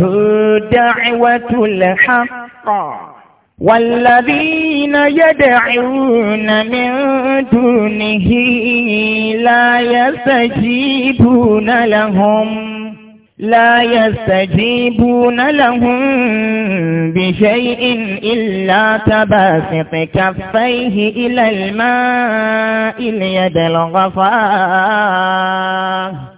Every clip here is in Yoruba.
هو دعوة الحق والذين يدعون من دونه لا يستجيبون لهم لا يستجيبون لهم بشيء إلا تباسط كفيه إلى الماء ليدلغ فاه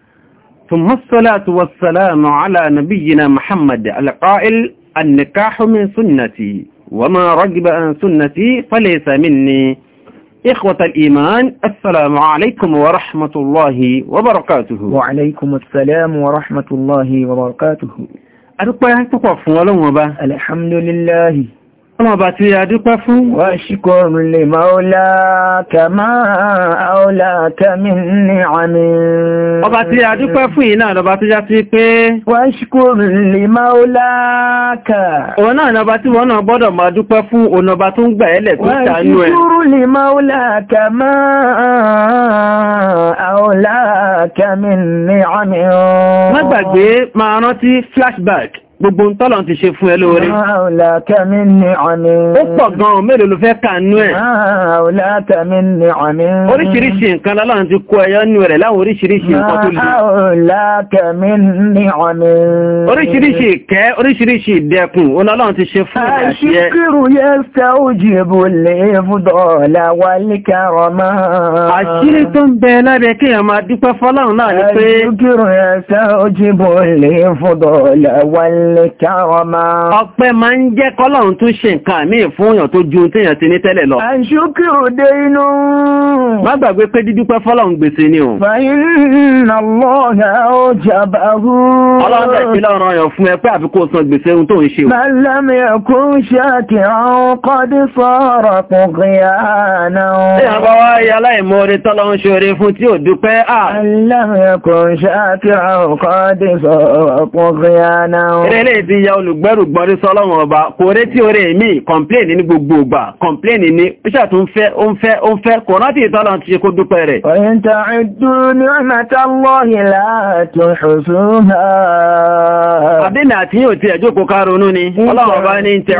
ثم الصلاة والسلام على نبينا محمد القائل النكاح من سنتي وما رجب عن سنتي فليس مني إخوة الإيمان السلام عليكم ورحمة الله وبركاته وعليكم السلام ورحمة الله وبركاته الحمد لله ọlọ́ọ̀bá tí a dúpẹ́ fún wọ́n ṣíkọ́ rìnlẹ̀ ọba tí a dúpẹ́ fún yìí lọba tó já sí pé wáṣíkòrò lè máa ó láàkà òun náà lọba tí wọ́n náà gbọ́dọ̀ máa dúpẹ́ fún ònàba tó ń gbà ẹ́lẹ̀ tó ṣàánú ẹ̀ wáṣíkòrò gbàgbé máa rántí flashback gbogbo ń tọ́lọ̀ ti ṣe fún ẹ lóore. Àwòlákẹ́ mi ní ọ̀nì. Ó pọ̀ gan-an mélòó ló fẹ́ kànú ẹ̀. Àwòlákẹ́ mi ní ọ̀nì. Oríṣiríṣi nǹkan lọ́lọ́run ti kó ẹyọ nínú rẹ̀ láwọn oríṣiríṣi nǹkan tó lè. Àwòlákẹ́ mi ní ọ̀nì. Oríṣiríṣi ìkẹ́, oríṣiríṣi ìdẹkùn, ọlọ́run ti ṣe fún ẹ̀. Àṣíkírù yẹ sẹ́ Àṣírí tó ń bẹ lábẹ́ kí èèyàn máa dúpẹ́ fọ́lọ́run náà ni pé. Àṣíkírù yẹ sẹ́ bò lè fúdọ̀ọ̀lá wa líkàrọ̀ máa. الكرما ọpẹ́ máa ń jẹ́ kọ́lọ̀run tún ṣe nǹkan míì fún èèyàn tó ju téèyàn ti ní tẹ́lẹ̀ lọ. àṣùkúrò dé inú. má gbàgbé pé dídúpẹ́ fọ́lọ́run gbèsè ni o. fàyínà lọ́ọ̀gá ó jàbàrú. ọlọ́run tẹ̀ sí lọ́rùn ọyàn fún ẹ pé àfi kó san gbèsè ohun tó ń ṣe o. màlámi ẹ̀kú ṣáàkì àwọn kọ́dí sọ̀rọ̀ kùn kìíyàna. èèyàn bá eléyìí ti ya olùgbẹ́rù gbọ́rí sọ́lọ́wọ́n ọba kò rẹ́ tí orí èmì kọ̀mplẹ́nì ní gbogbo ìgbà kọ̀mplẹ́nì ní píṣà tún fẹ́ ó ń fẹ́ ó ń fẹ́ kò rántí ìtọ́lọ̀ ti kó dúpẹ́ rẹ̀. ọ̀yẹ́ntà ìdúró àti yóò ti ẹjọ́ kó kárọ̀ọ́nù ni ọlọ́run ọba ní tẹ̀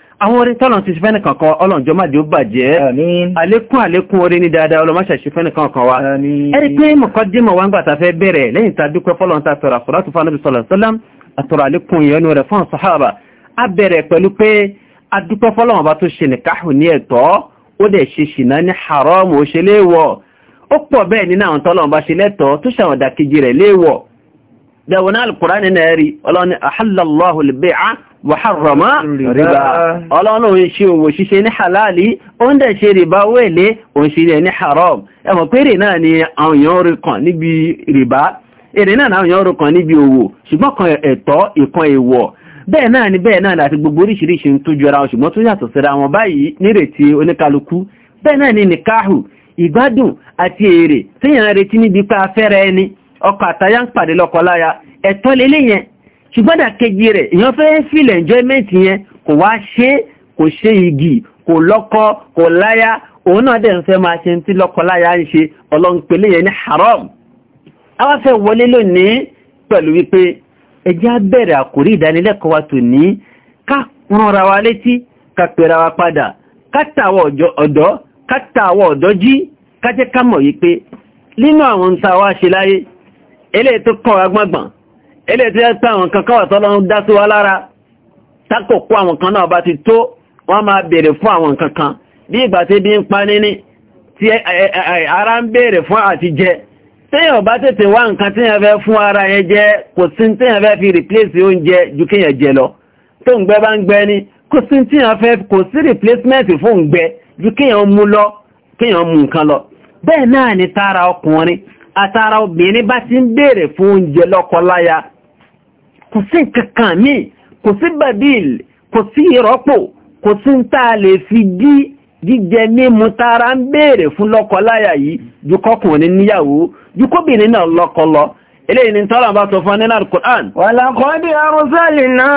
àwọn orin tọ́lọ̀n ti fẹ́ni kankan ọlọ́njọ́ máa di ó bàjẹ́ àlékún àlékún orin ní dáadáa ọlọ́máṣàṣì fẹ́ni kankan wa ẹni pé mọ̀kọ́ dímọ̀ wá ń gbàtà fẹ́ bẹ̀rẹ̀ lẹ́yìn tá dúpẹ́ fọ́lọ́ntà tọ̀rọ̀ àfọ́látù fánàbí sọ̀lọ̀sọ́lám àtọ̀rọ̀ àlékún ìyọnu rẹ̀ fún sàhábà a bẹ̀rẹ̀ pẹ̀lú pé a haram ó ṣe léèwọ̀ ó pọ̀ bẹ́ẹ̀ nínú àwọn tọ́lọ́wọ́n bá ṣe dẹ̀wọ̀n alìkùránì náà rí ọlọ́ni àhàlàláhù lèbẹ́à wàhárọ̀má rìbá ọlọ́ni òun ṣe òwò ṣíṣe ní halali òun dẹ̀ ṣe rìbá wèlé òun ṣe rẹ̀ ní haram ẹmọ̀ pé èrè náà ni àwọn èèyàn rí kan níbi rìbá èrè náà àwọn èèyàn rí kan níbi òwò ṣùgbọ́n kan ẹ̀tọ́ ìkan èèwọ̀ bẹ́ẹ̀ náà ni bẹ́ẹ̀ náà láti gbogbo oríṣiríṣi ń tó jọra ṣùgbọ́n tó yàtọ̀ síra wọn báyìí nírètí oníkálukú bẹ́ẹ̀ náà ni nìkáhù ìgbádùn àti èrè tíyàn retí níbi pa afẹ́rẹ́ ẹni ọkọ àtayá ń pàdé lọ́kọ láya ẹ̀tọ́ lélẹ̀ yẹn ṣùgbọ́n dàkejì rẹ̀ èèyàn fẹ́ feel enjoyment yẹn kò wá ṣe kò ṣe igi kò lọ́kọ kò láya òun náà dẹ̀ ń fẹ́ máa ṣe tí lọ́kọ láya ń ṣe ọlọ́npẹ̀lẹ̀ yẹn ní haram àwa fẹ́ wọlé lónìí pẹ̀lú wípé ẹjẹ́ á bẹ̀rẹ̀ àkórí ìdánilẹ́kọ̀ọ́ wa tò ní ká rọra wa létí ká pẹ̀ra wa padà ká tàwọ̀ ọ̀dọ́ ká tàwọ̀ ọ̀dọ́ jí ká jẹ́ ká mọ̀ wípé nínú àwọn ń ta wá ṣe láyé ilé tó kọ̀ agbọ́gbọ̀n ilé tó yẹ́ sáwọn kankan wà tọ́lọ dá sí wa lára tákòkó àwọn kan náà bá ti tó wọ́n máa bèèrè fún àwọn kankan bí ìgbà tí bí ń pa níní tí ara ń bèèrè fún àti jẹ téèyàn bá tètè wá nǹkan fún ara yẹn jẹ kò sí fẹ́ fi replace oúnjẹ ju jẹ lọ tó ń gbẹ bá ń gbẹ ni kò sí fẹ́ kò sí replacement àtàrà obìnrin bá ti ń béèrè fún oúnjẹ lọ́kọláya kò sí kankan mi kò sí badil kò sí ìrọ́pò kò sí ń tàà lè fi dí jíjẹ mímu tààrà ń béèrè fún lọ́kọláya yìí ju kọkùnrin níyàwó ju náà eléyìí ni tọ́lá bá sọ fún nínú al-Qur'an walaqad arsalna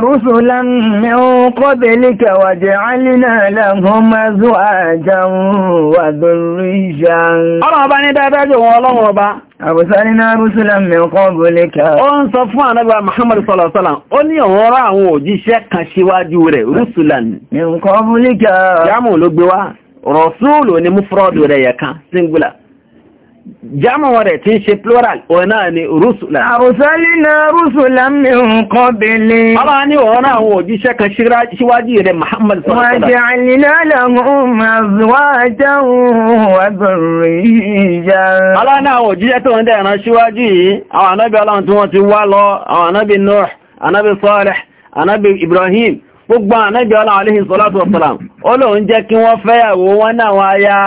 rusulan min qablika wa ja'alna lahum azwajan wa dhurriyyan ọ̀rọ̀ ọba ní dáadájọ́ wọn ọlọ́run ọba arsalna rusulan min qablika ó ń sọ fún ànábà Muhammad sallallahu alaihi wasallam ó ní rẹ̀ yẹ kan singular jámọ̀ rẹ̀ tí ń ṣe plural òun náà ni rúsùlá. àrùsálínà rúsùlá mi ń kọ́ bèlè. ọba ní ọ̀rọ̀ àwọn òjíṣẹ́ kan síwájú rẹ̀ Muhammad sọ̀rọ̀. wọ́n jẹ́ àlìlá lọ́hùn àzúwájá wàbẹ̀rẹ̀yà. aláàánú àwọn òjíṣẹ́ tó ń dẹ̀ràn síwájú yìí àwọn anábì ọlọ́run tí wọ́n ti wá lọ àwọn anábì Nuh anábì Salih anábì Ibrahim gbogbo anábì ọlọ́run aléhìn sọ́lá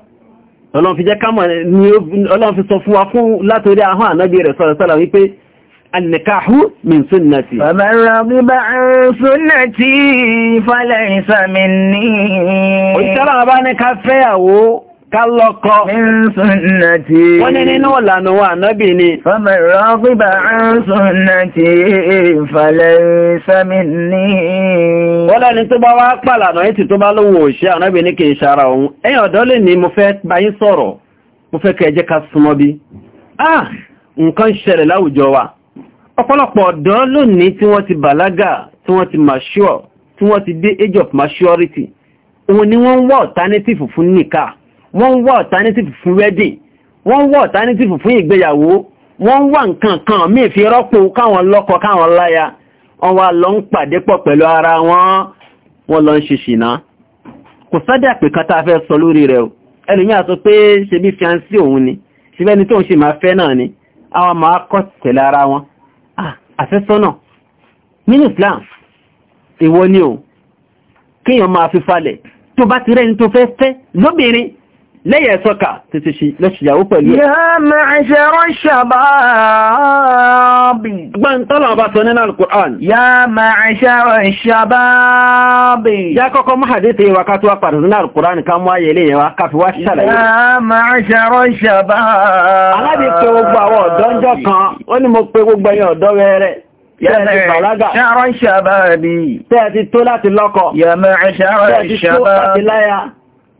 ọlọ́run fi jẹ́ kámọ̀ ni ọlọ́run fi sọ fún wa fún látorí ahọ́n ànábì rẹ̀ sọ̀rọ̀ sọ́lọ̀ wípé annikahu min sunnati faman raghiba sunnati falaysa minni o kálọ́kọ́. Ìsúnnàtí. Wọ́n ní nínú ìlànà wa ànábì ni. Fọ́mọ̀rọ̀ gbígbà ìsúnnàtí ìfàlẹ̀ ìsẹ́mì ní. Wọ́n lẹ́ni tó bá wá pàlànà ìtì tó bá lówó òṣẹ́ ànábì ní kìí ṣara òun. Ẹyàn ọ̀dọ́ lè ní mo fẹ́ bá yín sọ̀rọ̀, mo Ah! Nǹkan ṣẹlẹ̀ láwùjọ wa. Ọ̀pọ̀lọpọ̀ ọ̀dọ́ lónìí tí wọ́n ti bàlágà, tí wọ́n ti age of maturity. Òun alternative fún nìkan wọ́n ń wá alternative fún wedding wọ́n ń wá alternative fún ìgbéyàwó wọ́n ń wá nǹkan kan míì fi rọ́pò káwọn lọ́kọ káwọn láya wọ́n wá lọ ń pàdé pọ̀ pẹ̀lú ara wọn wọ́n lọ ń ṣe ṣìnà kò sádà pé kan tá a fẹ́ sọ lórí rẹ̀ o ẹlòmíà sọ pé ṣe bí fiancé òun ni ṣe bẹ́ni tóun ṣe máa fẹ́ náà ni àwọn máa kọ́ tẹ̀lé ara wọn àfẹ́sọ́nà nínú Islam èwo ni o kíyàn máa fi falẹ̀ tó bá ti rẹ́ni tó fẹ́ fẹ́ lóbìnrin lẹ́yẹ̀ sọ́kà tètè ṣe lọ́ṣìyàwó pẹ̀lú ẹ̀. yá máa ṣe ránṣà ọba sọ nínú al-Qur'an. yá máa ṣe ránṣà báábì. yá kọ́kọ́ mú hadith wa ká tó wá pàdé nínú al-Qur'an ká mú ayé ilé yẹn wá ká fi wá ṣàlàyé. yá máa ṣe ránṣà báábì. alábi pé gbogbo àwọn ọ̀dọ́ ń jọ kan ó ní mo pé gbogbo ti tó láti lọ́kọ. Yàmẹ̀ ṣàrọ̀ ṣàbábì. Tẹ́ẹ̀ ti tó láti láya.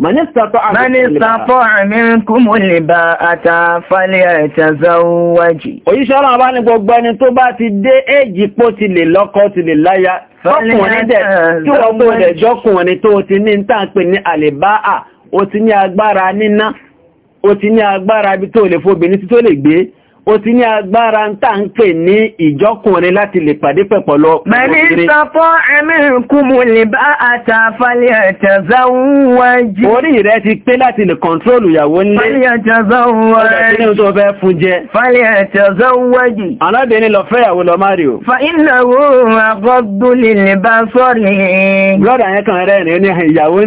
Mọ̀nísàtọ́ àmìnkúmù lè bá àtà fálẹ̀ ẹ̀tẹ̀zọ́wọ́jì. Òyíṣẹ́ ọ̀rọ̀ àbá ní gbogbo ẹni tó bá ti dé èjì pó ti lè lọ́kọ ti lè láya. Fọ́kùnrin dẹ̀ tí wọ́n mú rẹ̀ jọ́kùnrin tó ti ní tàǹpẹ̀ ní àlèbáà, ó ti ní agbára níná, ó ti ní agbára bí tó lè fóbìnrin tí tó lè gbé ó ti ní agbára ń tà ń pè ní ìjọkùnrin láti lè pàdé pẹ̀pọ̀ lọ. mẹ́rin sọ́fọ́ ẹ̀mí kúmù lè bá àtàfàlẹ̀ ẹ̀tẹ̀záwọ́wájú. orí rẹ̀ ti pé láti lè kọ̀ntrólù ìyàwó nílé. fàlẹ̀ ẹ̀tẹ̀záwọ́wájú. alábìnrin lọ fẹ́ ìyàwó lọ mario. fa ìnáwó àgọ́dúnlẹ̀ bá sọ́rí. lọ́dà yẹn kan rẹ̀ ní ìyàwó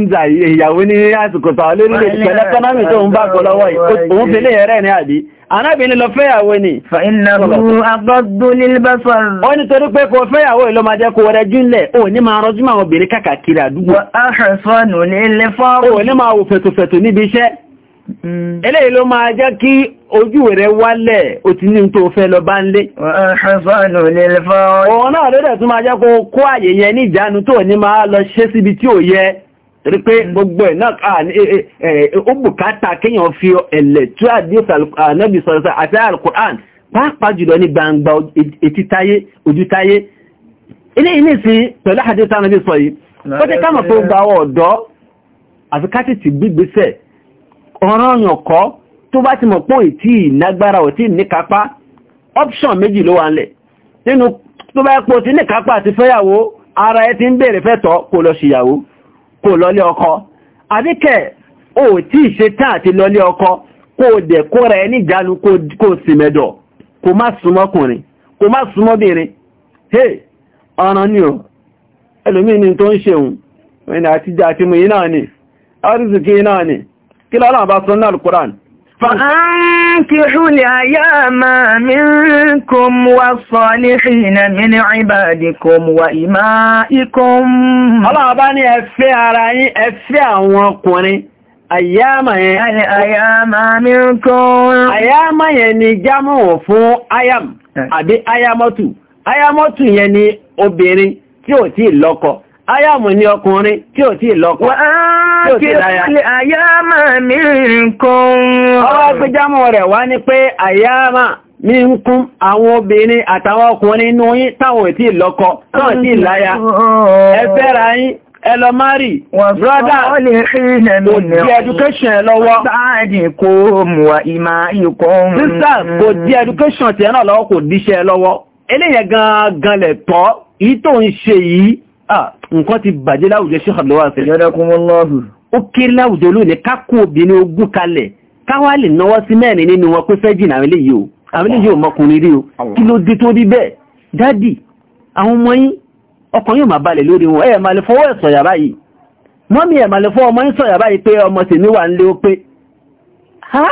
arábìnrin lọ fẹ́yàwó ni fa'innahu aghaddu lilbasar ó ní torí pé kò fẹ́yàwó ìlọ máa jẹ́ kò wọ́rẹ́ júnlẹ̀ ó ní máa rọjú máa obìnrin kàkàkiri àdúgbò wa ahsanu lilfarj ó ní máa wò fẹ̀tòfẹ̀tò níbi iṣẹ́ mm. eléyìí ló máa jẹ́ kí ojú rẹ̀ wálẹ̀ ó ti ní tó fẹ́ lọ bá ń lé wa ahsanu lilfarj òun náà lódẹ̀ tún máa jẹ́ kó kó àyè yẹn ní ìjánu tó ní máa lọ ṣe síbi tí ò yẹ torí pé mm. gbogbo ẹ̀ náà ó bùkátà kéèyàn fi ẹ̀lẹ̀ tí àdíòsì ànábì sọ̀rọ̀sọ̀ àti alukur'an pàápàá jùlọ ní gbangba etítáyé ojútáyé ilé ilé sí pẹ̀lú àdíòsì ànábì sọ yìí ó ti kámọ̀ tó gba ọ̀dọ́ àfi kátìtì gbígbésẹ̀ ọ̀ràn ọ̀kọ́ tó bá ti mọ̀ pọ̀ ìtì ìnágbára ò tí níkápá option méjì ló wà nílẹ̀ nínú tó bá pọ̀ tí níkápá àti fẹ́yàwó ara kò lọlé ọkọ àbíkẹ́ ò tí ì ṣe tán àti ọkọ kò dẹ̀ kó ra ẹni ìjánu kò sì mẹ́dọ̀ kò má súnmọ́kùnrin kò má súnmọ́bìnrin hey ọ̀ràn ni o ẹlòmíì ni tó ń ṣeun ẹni àtijọ́ àti mú yìí náà ni arìsìkì náà ni kí lọ́lọ́ فأنكحوا الأيام منكم والصالحين من عبادكم وإمائكم الله bá ní ẹ fẹ́ ara yín ẹ fẹ́ àwọn ọkùnrin Àyámà yẹn. Àyámà minkum. Àyámà yẹn ni jámọ̀ fún Ayam àbí Ayamọ́tù. Ayamọ́tù yẹn ni obìnrin tí ò tí lọ́kọ. Ayámù ni ọkùnrin tí ò tí lọ́kọ. Tí ò tí láyá. Ayámà mi nǹkan. Ọwọ́ gbéjámọ̀ rẹ̀ wá ní pé àyámà mi ń kún àwọn obìnrin àtàwọn ọkùnrin inú yín táwọn tí lọ́kọ, táwọn tí láyá. Ẹ fẹ́ra yín ẹlọ márì brọ́dá kò dí education ẹ lọ́wọ́ kò mùwà ìmá ikọ̀ ohun sísà kò dí education ti kò díṣẹ́ lọ́wọ́ nǹkan ti bàjẹ́ láwùjọ ṣe ọ̀lọ́wà fẹ́ ó kéré láwùjọ lónìí kákó obìnrin ogún kalẹ̀ káwá lè náwọ́ sí mẹ́rin nínú wọn pé fẹ́jìn àwọn eléyìí o àwọn eléyìí ò mọkùnrin rí o kí ló dé tó rí bẹ́ẹ̀ dádì àwọn ọmọ yín ọkàn yóò máa balẹ̀ lórí wọn ẹ̀ lè fọwọ́ ẹ̀ sọ̀yà báyìí mọ́mí ẹ̀ lè fọwọ́ ọmọ yín sọ̀yà báyìí pé ọmọ tèmi wà nílé ó pé ha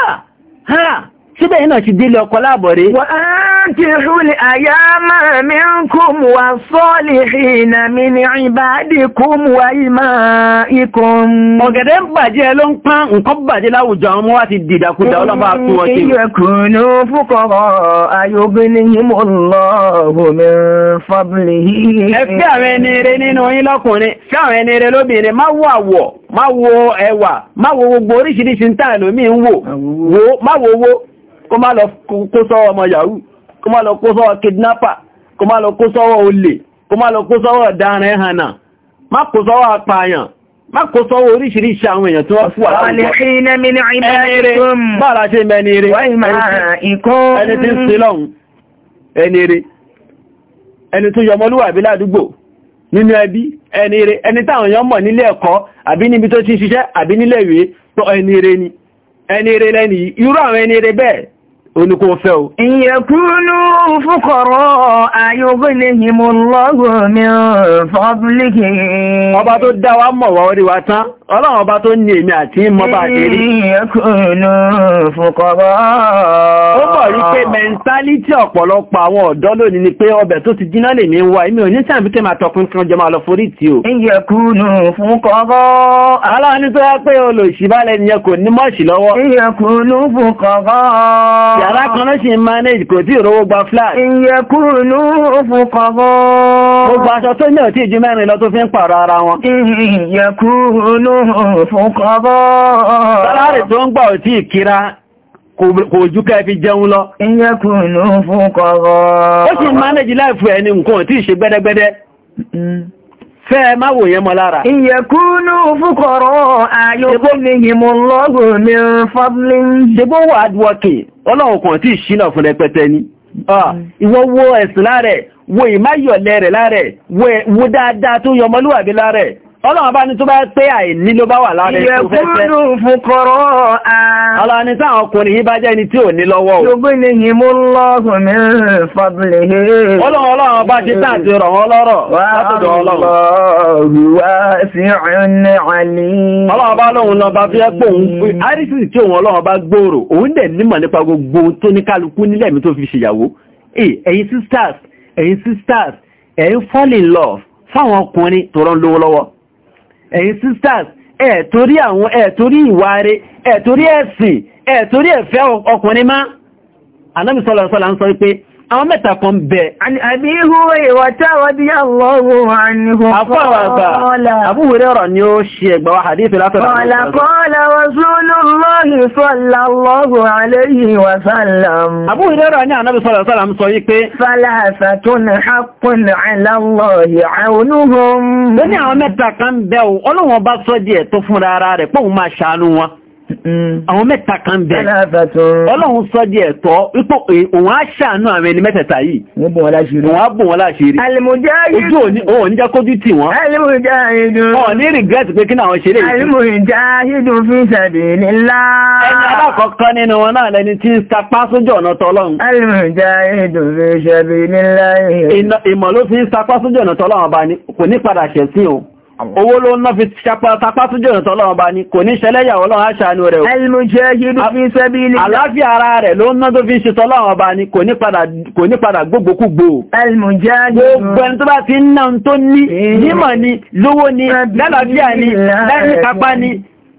ha síbẹ̀ yìí náà ti délé ọkọ láàbọ̀ rèé فانكحوا الأيام منكم والصالحين من عبادكم وإمائكم ọ̀gẹ̀dẹ̀ ń bàjẹ́ ló ń pán nǹkan bàjẹ́ láwùjọ àwọn ọmọ wa ti dìdàkudà ọlọ́pàá àtúwọ̀ sí ìyẹ̀kùnú fúkọ̀rọ̀ ayóbínihimọ̀lọ́hù mi fábílì yìí ẹgbẹ́ àwọn ẹni rẹ̀ nínú yín lọ́kùnrin àwọn ẹni rẹ̀ wo ẹwà wo wo owó kó má lọ kó sọ yahoo kó má lọ kó sọ́wọ́ kidnapper kó má lọ kó sọ́wọ́ olè kó má lọ kó sọ́wọ́ ọ̀daràn ẹ̀hànà má kó sọ́wọ́ apààyàn má kó sọ́wọ́ oríṣiríṣi àwọn èèyàn tí wọ́n fún àwọn ẹni tó ni ẹni rẹ̀ lẹ́ni irú àwọn ẹni rẹ̀ bẹ́ẹ̀ oníkó fẹ́ o. ìyẹ̀kúnú fúkọ̀rọ̀ ayọ́gbẹ́lẹ́hìmọ̀ lọ́gọ́ mi fọ́bílìkì. ọba tó dá mọ̀ wá orí wa tán ọlọ́run ọba tó ní èmi àti mọ́bà àdérí. ìyẹ́kùnlù fòkọ̀rọ̀. ó bọ̀ rí pé mẹ́ntálítì ọ̀pọ̀lọpọ̀ àwọn ọ̀dọ́ lónìí ni pé ọbẹ̀ tó ti jiná lè ní wá èmi ò ní sàn fíkẹ́ máa tọkùn kan jọ máa lọ forí tì o. ìyẹ́kùnlù fòkọ̀rọ̀. aláwọ̀ ní tó wá pé olùsí balẹ̀ nìyẹn kò ní mọ́ọ̀sì lọ́wọ́. ìyẹ́kùnlù fòkọ̀rọ̀. yàrá kan ló ṣì ń manage kò tí ìrówó gba flat. ìyẹ́kùnlù fòkọ̀rọ̀. gbogbo aṣọ tó فقراء Sálárì tó ń gbà ò tí ìkira kò ojú ká fi jẹun lọ. Ìyẹ́kùnlú fúnkọrọ̀. Ó sì mánéjì láìfù ẹni nǹkan tí ìṣe gbẹ́dẹ́gbẹ́dẹ́. Fẹ́ má wò yẹn mọ́ lára. Ìyẹ̀kúnú fúnkọrọ̀ ayọ́kùnlẹ́yìnmọ́lọ́gùn ní fọ́blí. Ṣe bó wà wọ́kì, ọlọ́run kan tí ìṣínà fún ni ah, ìwọ ọlọ́run bá ní tó bá pé àìní ló bá wà lára ẹ̀kú fẹ́fẹ́ ìyẹ̀kúrú fún kọrọ àà ọlọ́run ní táwọn ọkùnrin yìí bá jẹ́ ẹni tí ò ní lọ́wọ́ o ṣùgbọ́n ni yìí mú lọ́gùn ní fàbílẹ̀ ọlọ́run ọlọ́run bá ti tààtì rọ̀ wọ́n lọ́rọ̀ látọ̀dọ̀ ọlọ́run ọlọ́run bá lóhun lọ bá fi ẹ́ pò ń àrísìsì tí òun ọlọ́run bá gbòòrò òun dẹ̀ nímọ̀ nípa gbogbo tó ní kálukú nílẹ̀ mi tó fi ṣèyàwó ẹ̀yin sisters ẹ̀yin sisters ẹ̀yin fall in love fáwọn ọkùnrin tó rán lówó lọ́wọ́ ẹ̀yin sisters ẹ̀ torí àwọn ẹ̀ torí ìwáre ẹ̀ torí ẹ̀sìn ẹ̀ torí ẹ̀fẹ́ ọkùnrin má anábìsọ́lọ̀sọ́lá ń sọ pé àwọn mẹ́ta kan bẹ̀. àbí ihu ìwà táwọ́ bí yàlọ́wọ́ àníhù fọ́ọ̀lá. àbúwẹ̀rẹ̀ ọ̀rọ̀ ni ó ṣe ẹgbà wa hadith látọ̀rọ̀. qala qala rasulullahi sallallahu alayhi wa sallam. àbúwẹ̀rẹ̀ ọ̀rọ̀ ni ànábì sallallahu alayhi wa sallam sọ wípé. salasatun haqqun ala Allahi awnuhum. lóní àwọn mẹ́ta kan bẹ̀ ọlọ́wọ́n bá sọ́jì ẹ̀ tó fún rárá rẹ̀ pọ̀ àwọn mẹ́ta kan bẹ̀ ọlọ́run sọ di ẹ̀tọ́ wípò òun á ṣàánú àwọn ẹni mẹ́tẹ̀ẹ̀ta yìí wọ́n bùn wọn láṣìírí ojú òun ní jákójú tì wọ́n ọ̀ regret pé kí náà ṣe lè ẹni alákọ̀ọ́kọ́ nínú wọn náà lẹni tí ń sapá sójú ọ̀nà tọ́lọ́run owó ló ná fi tapá tó jẹ́ ìrìntọ́ ọlọ́run bá ní kò ní ṣẹlẹ́yà ọlọ́run aṣàánú rẹ̀ àláfíà ara rẹ̀ ló ná tó fi ṣe tọ́lọ́run bá ní kò ní padà gbogbogbò gbogbo ẹni tó bá ti ni lówó ni lálàáfíà ni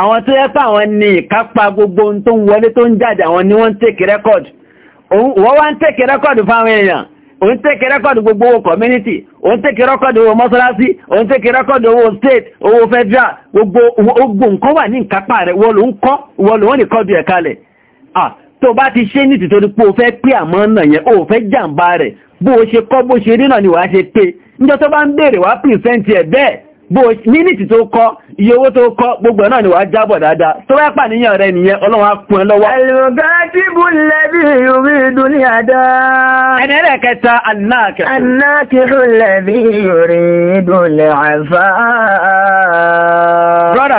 àwọn tó yẹ pé àwọn ni. ìkápá gbogbo tó ń wọlé tó ń jáde àwọn ni wọ́n ń tèkì rẹ́kọ̀dù wọ́n wá ń tèkì rẹ́kọ̀dù fáwọn èèyàn òun tèkì rẹ́kọ̀dù gbogbo owó community òun tèkì rẹ́kọ̀dù owó mọ́sálásí òun tèkì rẹ́kọ̀dù owó state owó federal gbogbo nǹkan wà ní ìkápá rẹ̀ wọ́n ló ń kọ́ wọ́n ló wọ́n ní kọ́dù ẹ̀ kalẹ̀ tó bá ti ṣe ní tìtorí pé o fẹ́ pé àmọ́ náà yẹn o fẹ́ jàǹbá rẹ̀ bó o ṣe kọ́ ni wàá ṣe pé níjọ́ tó bá ń mínítì tó kọ́ iye owó tó kọ́ gbogbo náà ni wà jábọ̀ dáadáa tó bá pà níyàn rẹ nìyẹn ọlọ́run á pín lọ́wọ́ alìmọ̀gájíbù lẹ́bí yorí dúní àdá ẹnẹ́rẹ̀ kẹta annákẹ̀ẹ́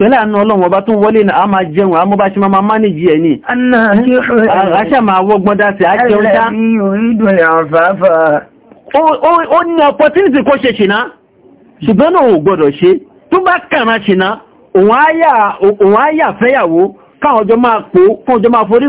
pẹ̀lú àánú ọlọ́run ọba tó wọlé náà a máa jẹun a mọ́ bá ṣe máa mánéjì ẹ̀ ní àṣà máa wọ́gbọ́n dáṣẹ́ àjẹun dá ó ní opportunity kó ṣe ṣìná ṣùgbọ́n náà ò gbọ́dọ̀ ṣe tó bá kàrà ṣìná òun áyà fẹ́yàwó káwọn ọjọ́ máa pò fún ọjọ́ máa forí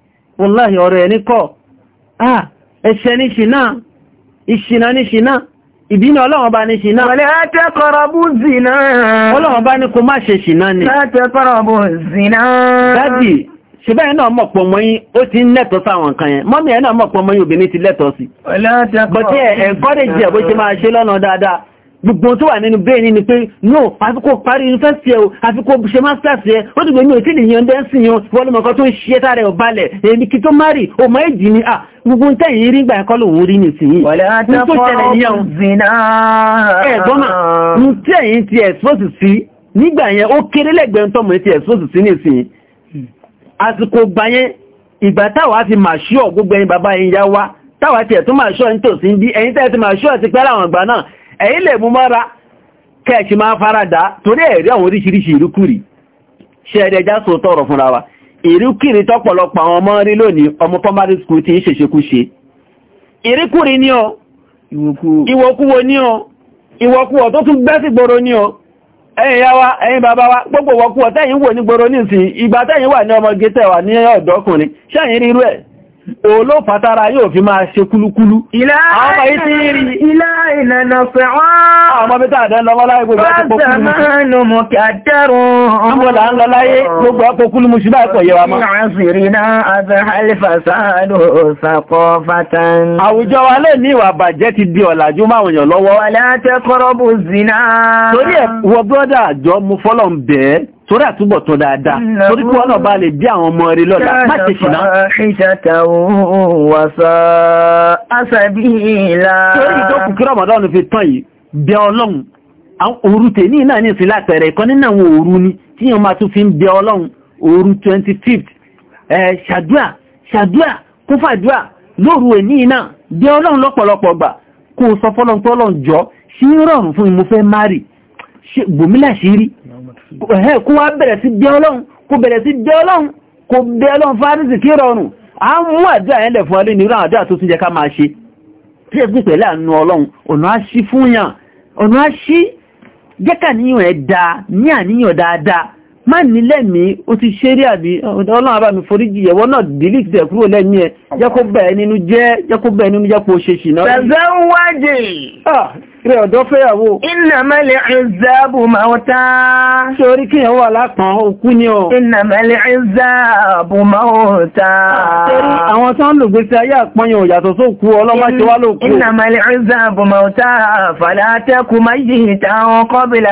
wọláhì ọ̀rọ̀ ẹni kọ́ ah ẹ̀ṣẹ̀ ní ṣìná ìṣìná ní ṣìná ìbínú ọlọ́run bá ní ṣìná wọlé látẹ́kọ̀rọ̀bù zìná ọlọ́run bá ní kó má ṣe ṣìná ni látẹ́kọ̀rọ̀bù zìná dádì ṣùgbọ́n ẹ̀ náà mọ̀ pọ̀ mọ́yí ó ti ń lẹ́tọ̀ gbogbo tó wà nínú bẹ́ẹ̀ ni pé no àfikò parí yunifásitì ẹ̀ o àfikò ṣe masters ẹ̀ ó ti gbé mi ò tí yan wọ́lọ́mọ̀kan tó ń ṣe tààrẹ ọ̀balẹ̀ èmi kí tó márì o máa jì ní à gbogbo ń tẹ̀yìn rí gbà ẹ̀kọ́ lòun rí nìsín yìí yá wá táwà tẹ́ ti mà ṣíọ̀ ti pẹ́ ẹ̀yin lè mú mọ́ra kẹ́ẹ̀kì máa farada torí ẹ̀rí àwọn oríṣiríṣi ìrúkúrì ṣe ẹ̀dẹ̀já so tọrọ fúnra wa ìrúkúrì tọ́pọ̀lọpọ̀ àwọn ọmọ rí lónìí ọmọ primary tó tún gboro ní ọ ya wa ẹ̀yin bàbá wa gbogbo gboro wà ní olófàtàrà yóò fi máa ṣe kúlúkúlú àwọn ọmọ ìtí rí ilá ìlànà fẹ̀wọ́n àwọn ọmọ ìtà àdẹ́ lọ́wọ́láyé gbogbo ọkọ̀ kúlúmù sí báyẹ̀kọ̀ yẹwà mọ́ àwùjọ wa lè ní ìwà bàjẹ́ ti di ọ̀làjú máwùn yàn lọ́wọ́ torí àtúbọ̀ tán dáadáa torí kí wọ́n náà bá lè bí àwọn ọmọ rẹ lọ́la má ṣe ṣìnà. torí ìdókùn kí rọmọdọ́nù fi tán yìí bẹ ọlọ́run òru tèní náà ní ìsinlẹ̀ àpẹẹrẹ ìkan nínú àwọn òru ni tí yẹn máa tún fi ń bẹ ọlọ́run òru 25th ṣàdúà ṣàdúà kún fàdúà lóru èní náà bẹ ọlọ́run lọ́pọ̀lọpọ̀ gbà kó sọ fọ́lọ́n tó ọlọ́run jọ ṣí rọrùn fún mi márì gbòmílà ṣírí kó wá bẹ̀rẹ̀ sí bí ọlọ́run kó bẹ̀rẹ̀ sí bí ọlọ́run kó bí ọlọ́run fárísì kí rọrùn a ń mú àjá ẹ̀lẹ̀ fún ọlẹ́ nírú àjá tó tún jẹ ká máa ṣe tí ẹ pín pẹ̀lẹ́ àánú ọlọ́run ọ̀nà á ṣí da ní àníyàn dáadáa má ní lẹ́mìí ó ti ṣe rí àbí ọlọ́run abá mi forí jì ẹ̀wọ́ náà dìlít rẹ̀ ọ̀dọ́ fẹ́yàwó. Innamal izzabu mauta. Ṣé orí kí ẹ̀wọ́ alákan òkú ni ọ? Innamal izzabu mauta. Torí àwọn tán lò gbé sí ayé àpọnyàn òyàtọ̀ tó kú ọlọ́mà ṣe wá lókú. Innamal izzabu mauta fala taku mayyitan qabla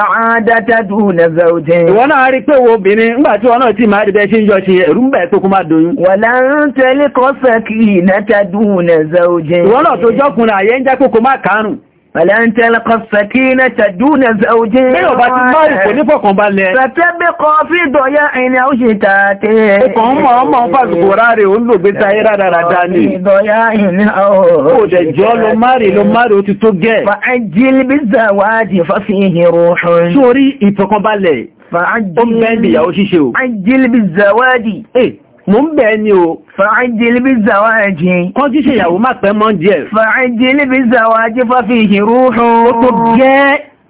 sàádátà dúnà zaujẹ́. Ìwọ náà rí pé wo obìnrin ńgbà tí wọ́n náà ti máa dìbẹ́ ṣe ń jọ ṣe ẹ̀rú ń bẹ̀ pé kó máa doyún. Wà láàrín tẹ́lẹ̀ kọ́ sẹ́kì ìnátà dúnà zaujẹ́. Ìwọ náà tó àyẹ́ Àlẹ́n tẹ́lẹ̀ kan sàkínà tàdúnà zaújí. Bí ọba ti máa rí kò ní fọ̀kàn balẹ̀. Sàtẹ́bí kan fi dọ̀yá ẹni àwọn ṣe tààtẹ́. Ẹkàn ń mọ̀ ọmọ fàṣùkò ráre ó ń lò gbé táyé rádaràdá ni. Ìdọ̀yá ẹni àwọn. Ó dẹ̀ jọ́ ló má rí ló má rí ó ti tó mo ń bẹ̀ ni o. fàájì níbi zawaji. kọ́ tí ṣe ìyàwó má pẹ́ mọ́ díẹ̀. fàájì níbi zawaji fáfi ìhìn rúhùn. ó tó gẹ́ẹ́.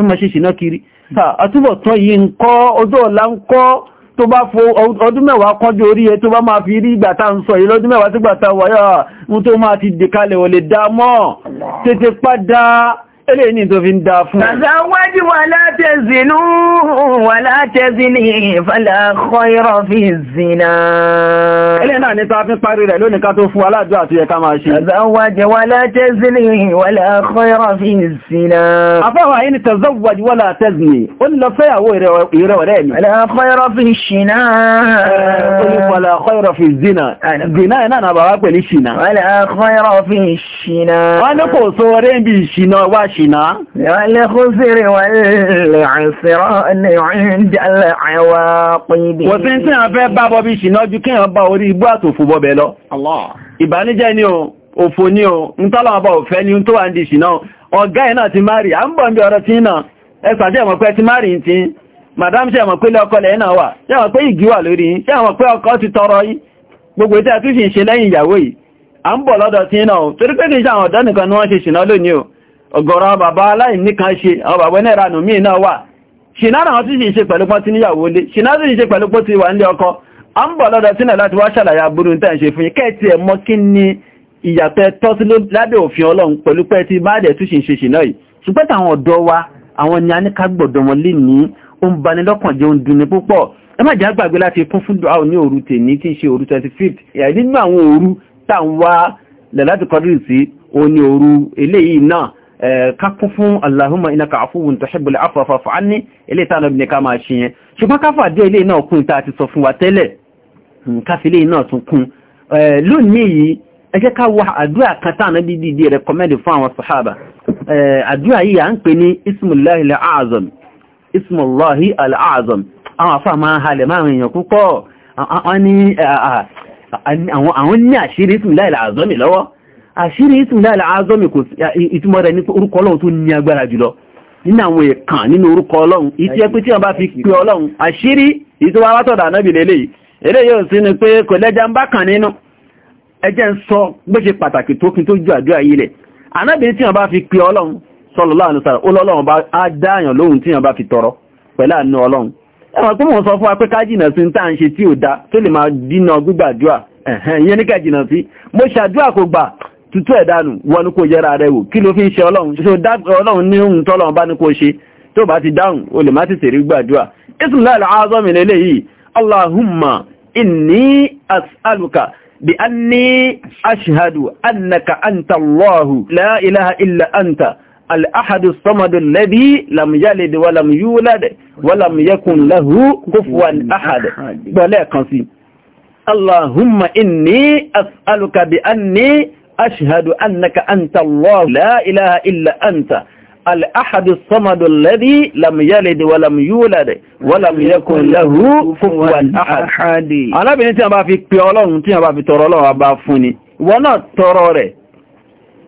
wọ́n ma ṣe ṣìná kiri àtúbọ̀tán yìí ń kọ́ ọjọ́ ọ̀la ń kọ́ tó bá fo ọdún mẹ́wàá kọjú orí ẹ tó bá máa fi rí ìgbàta ń sọ ìlọ́dún mẹ́wàá sígbàta wáyà mú tó máa ti dèkalẹ̀ ò lè tètè padà ilé ni tó fi ń dá fún. wala wà wala zinú, wà látẹ̀ fi zina. Ilé na ni tàbí parí rẹ̀ lónìí ká tó fún aláàjọ́ àti ẹ̀ká máa ṣe. Tàzáwájú wà látẹ̀ ziní, wà látẹ̀ kọ́ìrọ̀ fi zina. Afa wa ni tàzáwájú wala látẹ̀ ziní, ó lọ fẹ́yàwó ìrẹ̀ ọ̀rẹ́ mi. Wà látẹ̀ fi shina. Wà látẹ̀ kọ́ìrọ̀ fi zina. Zina na náà bàbá pẹ̀lú ṣìnà. Wà látẹ̀ kọ́ìrọ̀ fi shina. Wọ́n ní kò sọ ọ̀rẹ́ bí ìṣìnà wá ṣìnà. wàlẹ̀ kó fèrè wàlẹ̀ àṣírọ́ ní ìjàlẹ̀ àwa pínlẹ̀. kò sí tí wọ́n fẹ́ bá bọ́bí ṣìnà ju kí wọ́n orí ibú àtòfò bọ́bẹ̀ lọ. ìbànújẹ́ ni òfò ni o ń tọ́lọ́ ọba òfẹ́ ni tó wà ń di ṣìnà ọ̀gá ẹ̀ ti má à ń bọ̀ bí ọ̀rọ̀ tí náà ẹ pàdé ẹ̀mọ̀ pé ti má rí ti madam ṣe ẹ̀mọ̀ pé lé ọkọ náà wà ṣe ẹ̀mọ̀ pé ìgì wà lórí ṣe ẹ̀mọ̀ pé ọkọ ti tọrọ yín gbogbo tí a ṣe lẹ́yìn ìyàwó yìí à ń bọ̀ lọ́dọ̀ tí náà torí pé kìí ṣe àwọn ọ̀dọ́ nìkan ni wọ́n ṣe ṣìnà lónìí o ọ̀gọ̀rọ̀ bàbá aláìníkan ṣe àwọn bàbá náírà nù míì náà wà ṣìnára wọn tí ṣe ṣe pẹ̀lú pọ́n tí níyàwó lé ṣìnára ṣe pẹ̀lú pọ́n tí wà nílé ọkọ a ń bọ̀ lọ́dọ̀ sínà láti wá ṣàlàyé aburú tẹ́ ń ṣe fún yín kẹ́ẹ̀tì ẹ̀ mọ́ kí ni ìyàtọ̀ ẹ̀tọ́ sí lábẹ́ òfin ọlọ́run pẹ̀lú pẹ́ tí bá dẹ̀ túnṣe ṣe ṣìnà ni a ní ká gbọ́dọ̀ wọn lé ní wa lẹ̀ láti kọdírì sí òní òru eléyìí náà Eh, kákún fún Allahumma innaka afuwun tuhibbul afwa fa'fu anni ilé ìtànà bí ní ká máa ṣe yẹn ṣùgbọ́n káfà dé ilé náà kún ìta àti sọ fún wa tẹ́lẹ̀ hmm, káfílé náà tún kún eh, lónìí yìí ẹ ká wá àdúrà kan tánà bí dìde rẹ̀kọ́mẹ́dì fún àwọn sàhábà eh, àdúrà yìí à ń pè ní ismullahi al-azam ismullahi al-azam àwọn afá máa halẹ̀ máa rìnyàn ismullahi al-azam lọ́wọ́ àṣírí ìsìnlẹ̀ àzọ́mì kò ìtumọ̀ rẹ̀ ní orúkọ ọlọ́run tó ní agbára jùlọ nínú àwọn èkàn nínú orúkọ ọlọ́run ìtí ẹ tí wọ́n bá fi pé ọlọ́run àṣírí ìtọ́wà látọ̀dà anábì ni pé kò lẹ́jà ń bá kàn nínú ẹjẹ́ ń sọ bó ṣe pàtàkì tó kí tó ju àdúrà yìí lẹ̀ anábì tí wọ́n bá fi pé ọlọ́run sọlọ láàánú sára ó lọ́lọ́run bá á dáàyàn lóhun tí wọ́n bá fi tọrọ pẹ̀lú àánú ọlọ́run ẹ̀wọ̀n tó mọ̀ sọ fún wa pé ká jìnà sí ń tà ń ṣe tí ò da tó lè máa dínà ìyẹn ní ká sí mo ṣàdúrà kò gbà tútù ẹ̀dánù wọn ní kò yẹra rẹ̀ wò kí ló fi ń ṣe ọlọ́run ṣe ọlọ́run ní ohun tọ́lọ́run bá ní kò ṣe tó bá ti dáhùn o lè má ti tèrè gbàdúrà ismail azọ́mì lélẹ̀ الأحد الصمد الذي لم يلد ولم يولد ولم يكن له كفوا أحد بلا قصيم اللهم إني أسألك بأني ashhadu annaka anta Allah la ilaha illa anta الأحد الصمد الذي لم يلد ولم يولد ولم يكن له كفوا أحد alábìnrin tí a bá fi pè ọlọ́run tí a bá fi tọrọ ọlọ́run a bá fún ni wọ́n náà tọrọ rẹ̀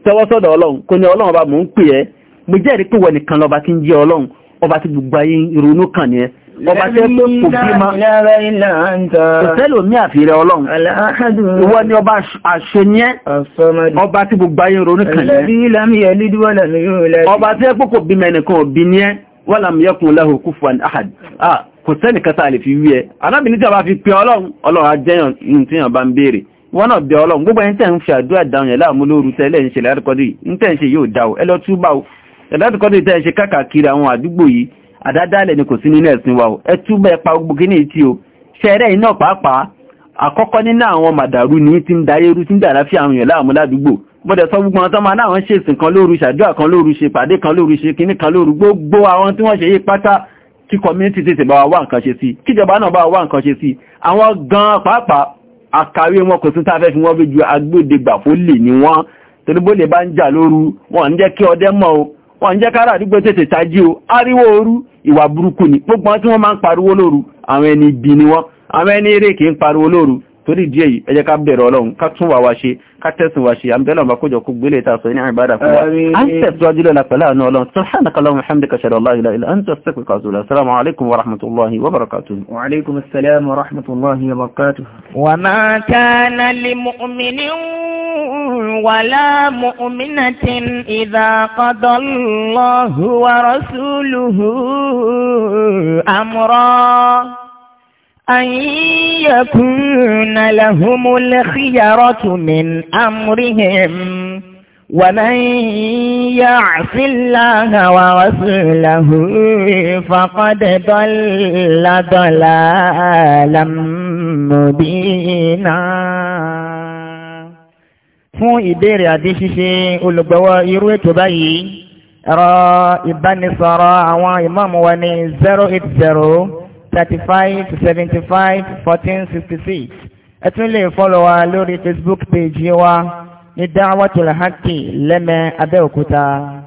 tẹwọ́sọ́dọ̀ ọlọ́run kò ní ọlọ́run bá mú ń pè ẹ́ mo jẹ́rìí pé wọ́n nìkan lọba tí ń jẹ́ ọlọ́run ọba tí gbogbo ayé ronú kàn ní ẹ ọba tẹ́ pé kò bímọ kò sẹ́lòmí àfihàn ọlọ́run ìwọ ni ọba àṣeníẹ́ ọba tí gbogbo ayé ronú kàn yẹ́ ọba tẹ́ pé kò bímọ ẹnìkan òbí ní ẹ́ wọ́n làm yẹ́kùn lẹ́hùn kufuwan ahad kò sẹ́nì kẹta lè fi wí ẹ anábìnrin tí a bá fi pín ọlọ́run ọlọ́run ajẹ́yàn tí yàn bá ń béèrè wọ́n náà bẹ ọlọ́run gbogbo ẹni tẹ́ ń fi àdúrà dáhùn yẹ̀ láàmú lóru tẹ́lẹ̀ ń ṣe lẹ́rẹ́kọ́dì ń tẹ́ ń ṣe yóò dáwọ́ ẹlọ́túbà ẹlẹ́rẹ́kọ́dì tẹ́ ń ṣe káàkiri àwọn àdúgbò yìí àdádálẹ̀ ni kò sí nínú ẹ̀sìn wa o ẹ túbọ̀ ẹ pa gbogbo kí ní ìtì o ṣẹ̀rẹ̀ iná pàápàá àkọ́kọ́ nínú àwọn màdàrú ni ti ń dayé rú tí ń dàrá fi àwọn èèyàn láàmú ládùúgbò bọ́dẹ̀ sọ gbogbo àwọn tọ́mọ aláwọn ṣe ìsìn kan lóru ṣàdúrà kan lóru ṣe pàdé kan lóru ṣe kinní kan lóru gbogbo àwọn tí wọ́n ṣe yí pátá kí community tètè bá wa wá nǹkan ṣe sí kíjọba náà bá wa nǹkan ṣe sí àwọn gan pàápàá àkàwé wọn kò tún táfẹ́ fi wọ́n fi ju agbódegbà fólè ni wọ́n torí bó lè bá ń jà lóru wọn ń jẹ́ kí ọdẹ mọ́ o wọ́n jẹ́ kára àdúgbò tètè tají o ariwo òru ìwà burúkú ni gbogbo wọn tí wọ́n máa ń pariwo lóru àwọn ẹni ibi ni wọ́n àwọn ẹni eré kìí pariwo lóru torí díẹ̀ yìí ẹ jẹ́ ká bẹ̀rẹ̀ ọlọ́run ká tún wà wá ṣe ká tẹ́sùn wá ṣe àbẹ́lọ̀ bá kójọ kó gbélé ìtàṣọ ní àìbádà fún wa a ń tẹ̀síwájú lọ́la pẹ̀lú àwọn ọlọ́run subhanaka Allahumma wa hamdika ashhadu an la ilaha illa anta astaghfiruka ولا مؤمنة إذا قضى الله ورسوله أمرا أن يكون لهم الخيرة من أمرهم ومن يعص الله ورسوله فقد ضل ضلالا مبينا fún ìbéèrè àti ṣíṣe olùgbọ́wọ́ irú ètò báyìí ẹ̀rọ ìbánisọ̀rọ̀ àwọn ìmáàmù wa ní zero eight zero 35 75 14 66 ẹ tún lè fọ́lọ̀ wa lórí Facebook page wa ní Da'watul Haqqi lẹ́mẹ̀ Abẹ́òkúta